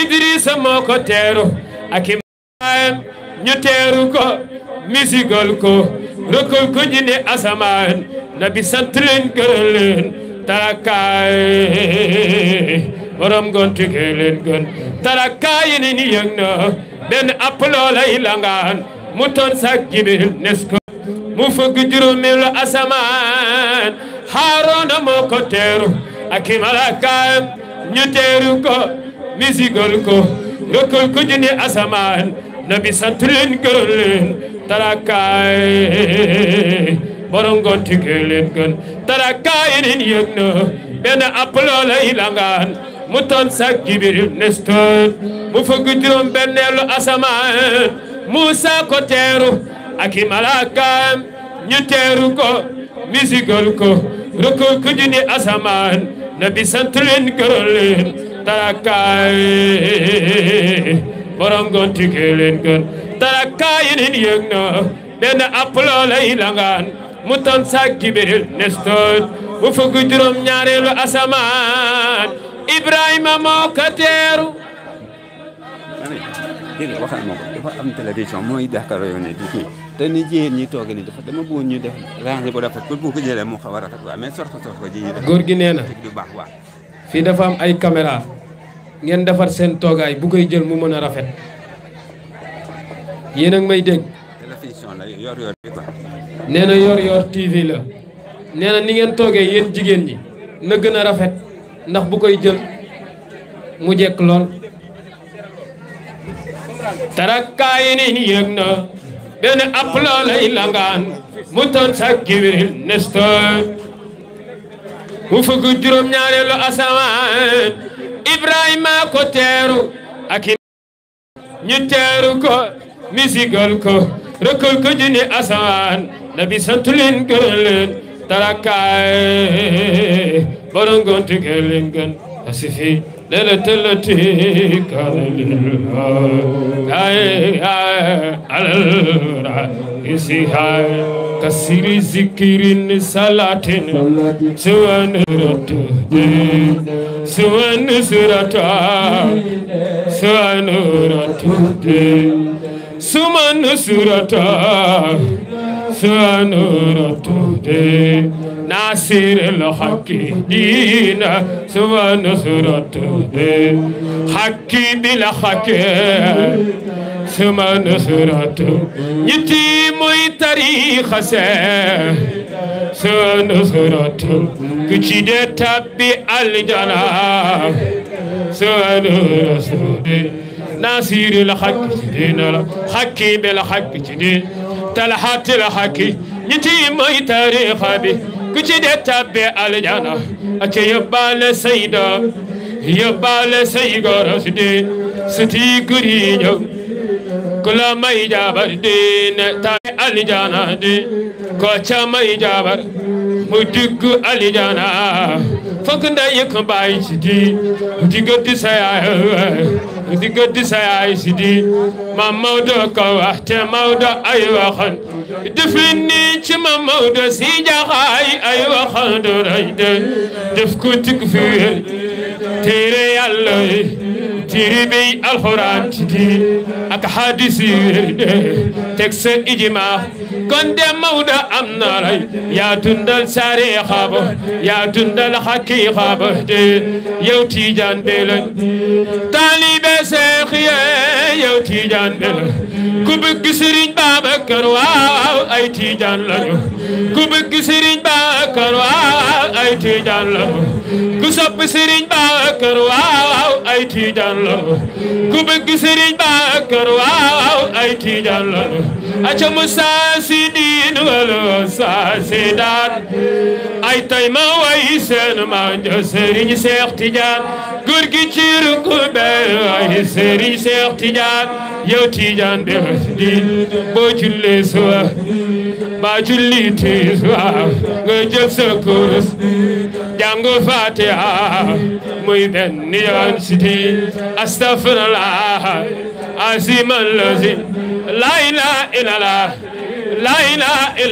Idrissa moko teru akim ñu teru ko misigal ko ko jine asaman nabi santren leen tarakaay borom gon tugee leen gon tarakaay ne ni yëg na benn app loolay mu ton sak jibil nesko mu fëgg juromel asaman asamaan Haaroona moo ko teeru ñu teru ko misigal ko yokkal ko jëne asamaan nabi sant leen gërëm leen tarakaay borom ngoon tigee leen gën tarakaay leen yëg na benn app loola langaan mu ton sak jibiril nestoot mu fëgg juróom benneelu asamaan Muusa ko teeru ak i malaakaam teeru ko misigal ko yokkal ko jëne asamaan nabi sant leen gërëm leen tarakai borom gon tikee gon tarakai ini nin yëg na benn app langan Mutan mu ton saak Jibril nestoon mu asaman ibrahim ñaareelu kateru Ibrahima moo ko teeru waxal ma dafa am télévision Dakar di fii te ni jigéen ñi toog ni dafa dama bëggoon ñu def rangé bu rafet pour bu ko jëlee mu mais gi na du baax waa fii dafa am ay caméra ngeen defar seen togaay bu koy jël mu mëna rafet yeen ak may télévision la yor yor TV la neena ni ngeen toogee yeen jigen ñi na gëna rafet ndax bu koy jël mu jekk lool tarakaayi ni yëg na benn app lay langan mu toon sa giwiril nesto mu asamaan mbay maa ko teeru ak i ko misigal ko rëkkal ko jëni asamaan nabi santu leen gërëm leen tarakaay borongonti gën leen gën asifi leylatal lati kaana lil إزهار كسر ذكر صلاة سوى نرت سوى نزرت سوى نرت سوى نزرت سوانور تودي ناصر الحق دينا سوانور تودي حق بالحق سما نصرت نتي موي تاريخ سه سما نصرت كتي دي تابي الجنة سما نصرت ناصر الحق دينا الحق بالحق دينا talxatil xakki ñi ci mooy tariixa bi ku ci de tabbe aljana ak yóbbaale say doom yóbbaale say su tii kër yi ku la may jabar dee ne tabbe aljana ko ca may jabar muy digg alijaana fokk nday yëkk mbaay si di diggante sa yaay diggante sa yaay si di ma Maodo ko wax te Maodo ay waxan def nii ci ma Maodo si jaxaay ay waxan du rëy de def ko tig fi wér téere yàlla téere bi alxuraan si di ak xadis yi teg sa ijima kon de Maodo am na lay yaa dundal sariixa ba yaa dundal xaqiiqa ba te yow Tijaan be la taalibe Seex ye yow Tijaan be la ku bëgg Sëriñ Babacar waaw ay Tijaan lañu ku bëgg Sëriñ Babacar waaw ay Tijaan lañu ku sopp Sëriñ Babacar waaw ay Tijaan lañu ku bëgg Sëriñ Babacar waaw ay tiijaan lanu aca mu saasi diin walu saasi daan ay tay ma way seen ma jo sëriñ Seex Tijaan góor gi ciir ku bey ay sëriñ Seex Tijaan yow tiijaan de diin boo julli suwa baa julli tiis waaw nga jël sa kurus jàng fatiha muy benn yoon siti astafirullah aziman lazim la ilaha illallah